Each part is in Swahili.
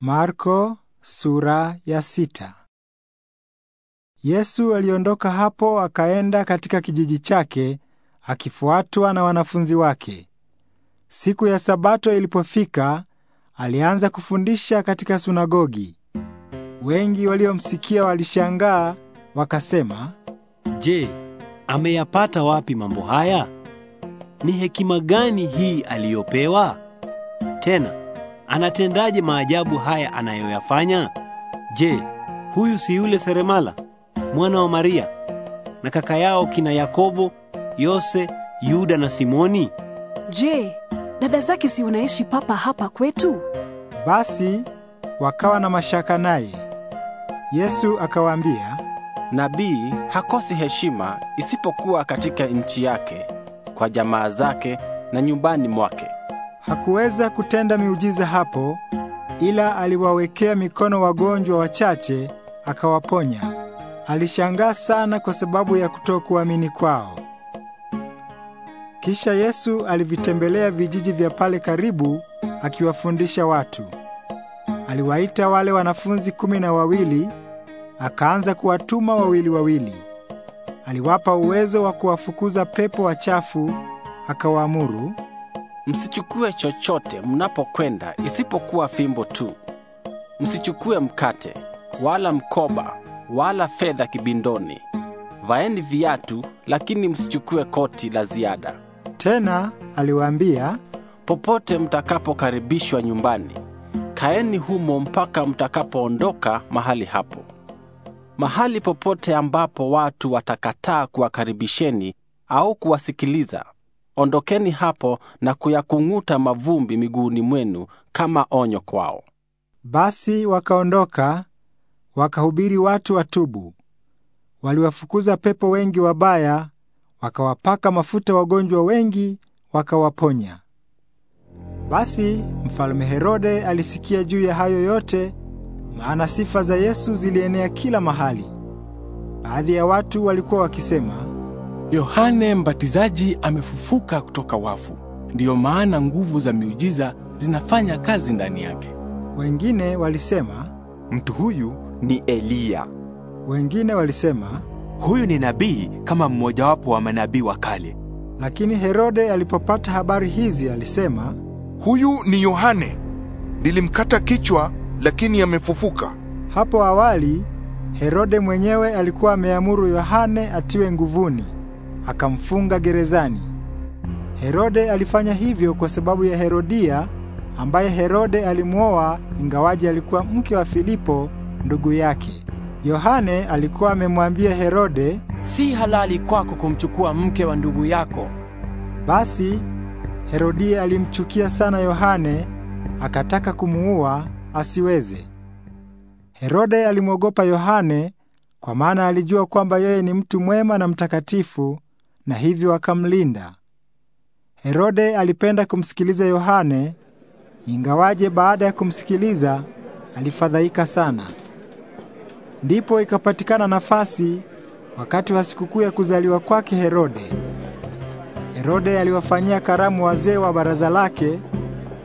Marko sura ya sita. Yesu aliondoka hapo akaenda katika kijiji chake akifuatwa na wanafunzi wake. Siku ya Sabato ilipofika, alianza kufundisha katika sunagogi. Wengi waliomsikia walishangaa wakasema, "Je, ameyapata wapi mambo haya? Ni hekima gani hii aliyopewa?" Tena Anatendaje maajabu haya anayoyafanya? Je, huyu si yule seremala mwana wa Maria na kaka yao kina Yakobo, Yose, Yuda na Simoni? Je, dada zake si wanaishi papa hapa kwetu? Basi wakawa na mashaka naye. Yesu akawaambia, nabii hakosi heshima isipokuwa katika nchi yake, kwa jamaa zake na nyumbani mwake. Hakuweza kutenda miujiza hapo, ila aliwawekea mikono wagonjwa wachache akawaponya. Alishangaa sana kwa sababu ya kutokuamini kwao. Kisha Yesu alivitembelea vijiji vya pale karibu akiwafundisha watu. Aliwaita wale wanafunzi kumi na wawili akaanza kuwatuma wawili wawili. Aliwapa uwezo wa kuwafukuza pepo wachafu akawaamuru Msichukue chochote mnapokwenda isipokuwa fimbo tu. Msichukue mkate wala mkoba wala fedha kibindoni. Vaeni viatu, lakini msichukue koti la ziada. Tena aliwaambia, popote mtakapokaribishwa nyumbani, kaeni humo mpaka mtakapoondoka mahali hapo. Mahali popote ambapo watu watakataa kuwakaribisheni au kuwasikiliza ondokeni hapo na kuyakung'uta mavumbi miguuni mwenu kama onyo kwao. Basi wakaondoka wakahubiri watu watubu. Waliwafukuza pepo wengi wabaya, wakawapaka mafuta wagonjwa wengi, wakawaponya. Basi mfalme Herode alisikia juu ya hayo yote, maana sifa za Yesu zilienea kila mahali. Baadhi ya watu walikuwa wakisema Yohane Mbatizaji amefufuka kutoka wafu, ndiyo maana nguvu za miujiza zinafanya kazi ndani yake. Wengine walisema mtu huyu ni Eliya, wengine walisema huyu ni nabii kama mmojawapo wa manabii wa kale. Lakini Herode alipopata habari hizi alisema, huyu ni Yohane, nilimkata kichwa, lakini amefufuka. Hapo awali Herode mwenyewe alikuwa ameamuru Yohane atiwe nguvuni akamfunga gerezani. Herode alifanya hivyo kwa sababu ya Herodia ambaye Herode alimwoa ingawaje alikuwa mke wa Filipo ndugu yake. Yohane alikuwa amemwambia Herode, si halali kwako kumchukua mke wa ndugu yako. Basi Herodia alimchukia sana Yohane, akataka kumuua asiweze. Herode alimwogopa Yohane kwa maana alijua kwamba yeye ni mtu mwema na mtakatifu na hivyo akamlinda. Herode alipenda kumsikiliza Yohane, ingawaje baada ya kumsikiliza alifadhaika sana. Ndipo ikapatikana nafasi wakati wa sikukuu ya kuzaliwa kwake Herode. Herode aliwafanyia karamu wazee wa baraza lake,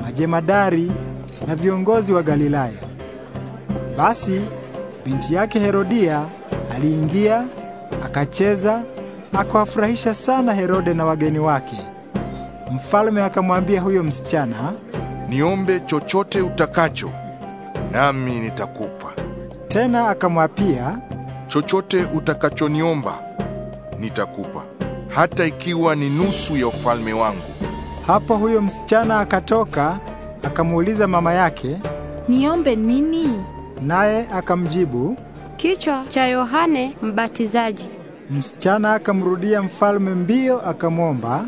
majemadari na viongozi wa Galilaya. Basi binti yake Herodia aliingia akacheza akawafurahisha sana Herode na wageni wake. Mfalme akamwambia huyo msichana, niombe chochote utakacho nami nitakupa. Tena akamwapia, chochote utakachoniomba nitakupa, hata ikiwa ni nusu ya ufalme wangu. Hapo huyo msichana akatoka akamuuliza mama yake, niombe nini? Naye akamjibu, kichwa cha Yohane Mbatizaji. Msichana akamrudia mfalme mbio akamwomba,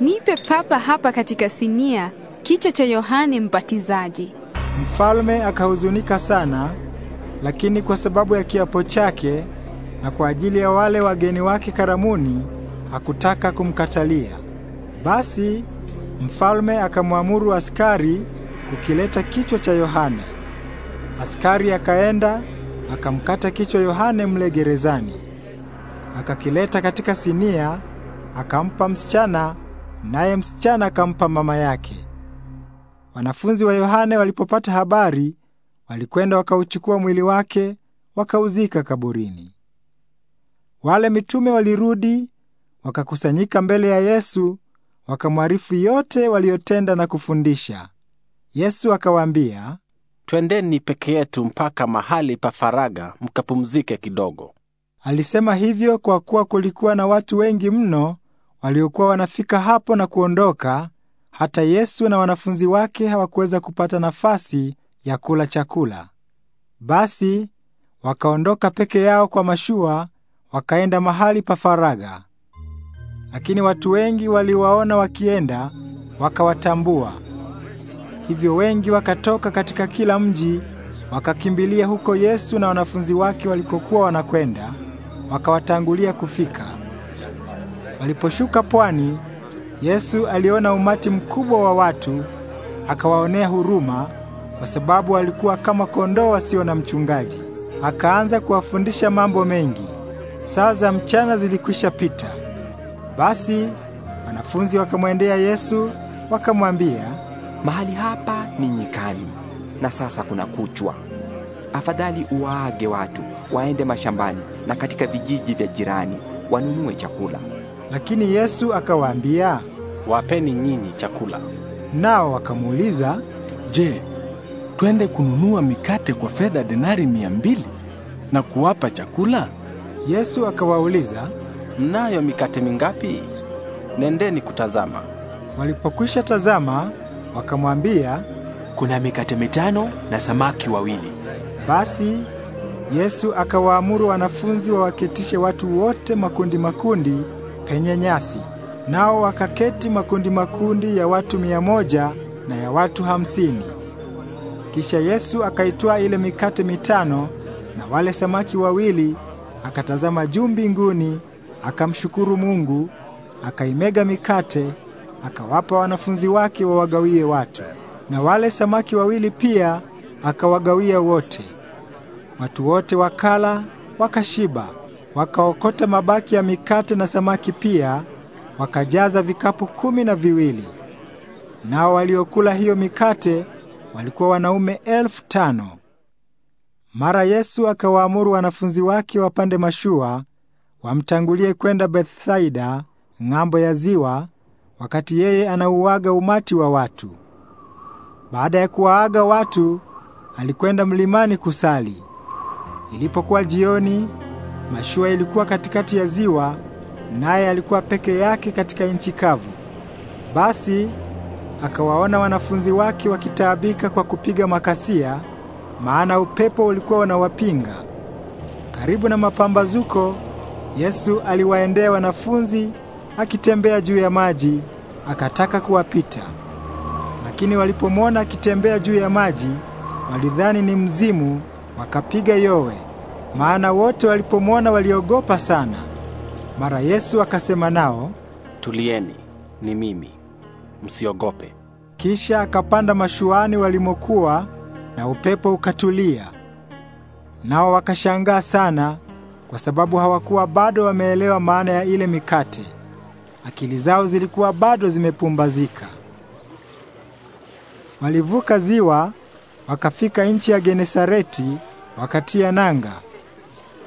nipe papa hapa katika sinia kichwa cha Yohane Mbatizaji. Mfalme akahuzunika sana, lakini kwa sababu ya kiapo chake na kwa ajili ya wale wageni wake karamuni, hakutaka kumkatalia. Basi mfalme akamwamuru askari kukileta kichwa cha Yohane. Askari akaenda akamkata kichwa Yohane mle gerezani akakileta katika sinia, akampa msichana, naye msichana akampa mama yake. Wanafunzi wa Yohane walipopata habari, walikwenda wakauchukua mwili wake wakauzika kaburini. Wale mitume walirudi wakakusanyika mbele ya Yesu, wakamwarifu yote waliyotenda na kufundisha. Yesu akawaambia, twendeni peke yetu mpaka mahali pa faraga mkapumzike kidogo. Alisema hivyo kwa kuwa kulikuwa na watu wengi mno waliokuwa wanafika hapo na kuondoka, hata Yesu na wanafunzi wake hawakuweza kupata nafasi ya kula chakula. Basi wakaondoka peke yao kwa mashua, wakaenda mahali pa faraga. Lakini watu wengi waliwaona wakienda, wakawatambua. Hivyo wengi wakatoka katika kila mji wakakimbilia huko Yesu na wanafunzi wake walikokuwa wanakwenda, wakawatangulia kufika. Waliposhuka pwani, Yesu aliona umati mkubwa wa watu, akawaonea huruma kwa sababu walikuwa kama kondoo wasio na mchungaji. Akaanza kuwafundisha mambo mengi. Saa za mchana zilikwisha pita. Basi wanafunzi wakamwendea Yesu wakamwambia, mahali hapa ni nyikani na sasa kuna kuchwa Afadhali uwaage watu waende mashambani na katika vijiji vya jirani wanunue chakula. Lakini Yesu akawaambia, wapeni nyinyi chakula. Nao wakamuuliza, je, twende kununua mikate kwa fedha denari mia mbili na kuwapa chakula? Yesu akawauliza, mnayo mikate mingapi? Nendeni kutazama. Walipokwisha tazama, wakamwambia, kuna mikate mitano na samaki wawili. Basi Yesu akawaamuru wanafunzi wawaketishe watu wote makundi makundi penye nyasi, nao wakaketi makundi makundi ya watu mia moja na ya watu hamsini. Kisha Yesu akaitwaa ile mikate mitano na wale samaki wawili, akatazama juu mbinguni, akamshukuru Mungu, akaimega mikate, akawapa wanafunzi wake wawagawie watu, na wale samaki wawili pia akawagawia wote. Watu wote wakala wakashiba, wakaokota mabaki ya mikate na samaki pia, wakajaza vikapu kumi na viwili. Nao waliokula hiyo mikate walikuwa wanaume elfu tano. Mara Yesu akawaamuru wanafunzi wake wapande mashua wamtangulie kwenda Bethsaida ng'ambo ya ziwa, wakati yeye anauaga umati wa watu. Baada ya kuwaaga watu alikwenda mlimani kusali. Ilipokuwa jioni, mashua ilikuwa katikati ya ziwa, naye alikuwa peke yake katika nchi kavu. Basi akawaona wanafunzi wake wakitaabika kwa kupiga makasia, maana upepo ulikuwa unawapinga. Karibu na mapambazuko, Yesu aliwaendea wanafunzi akitembea juu ya maji, akataka kuwapita. Lakini walipomwona akitembea juu ya maji, walidhani ni mzimu, wakapiga yowe, maana wote walipomwona waliogopa sana. Mara Yesu akasema nao, tulieni, ni mimi, msiogope. Kisha akapanda mashuani walimokuwa, na upepo ukatulia. Nao wakashangaa sana, kwa sababu hawakuwa bado wameelewa maana ya ile mikate. Akili zao zilikuwa bado zimepumbazika. Walivuka ziwa wakafika nchi ya Genesareti wakatia nanga.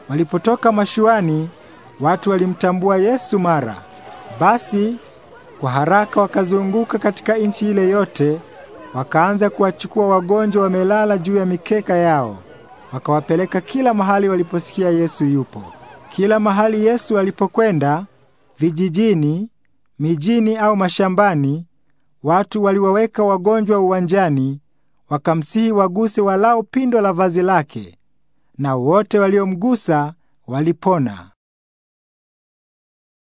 Walipotoka mashuani, watu walimtambua Yesu mara. Basi kwa haraka wakazunguka katika nchi ile yote, wakaanza kuwachukua wagonjwa wamelala juu ya mikeka yao, wakawapeleka kila mahali waliposikia Yesu yupo. Kila mahali Yesu alipokwenda, vijijini, mijini au mashambani, watu waliwaweka wagonjwa uwanjani wakamsihi waguse walao pindo la vazi lake, na wote waliomgusa walipona.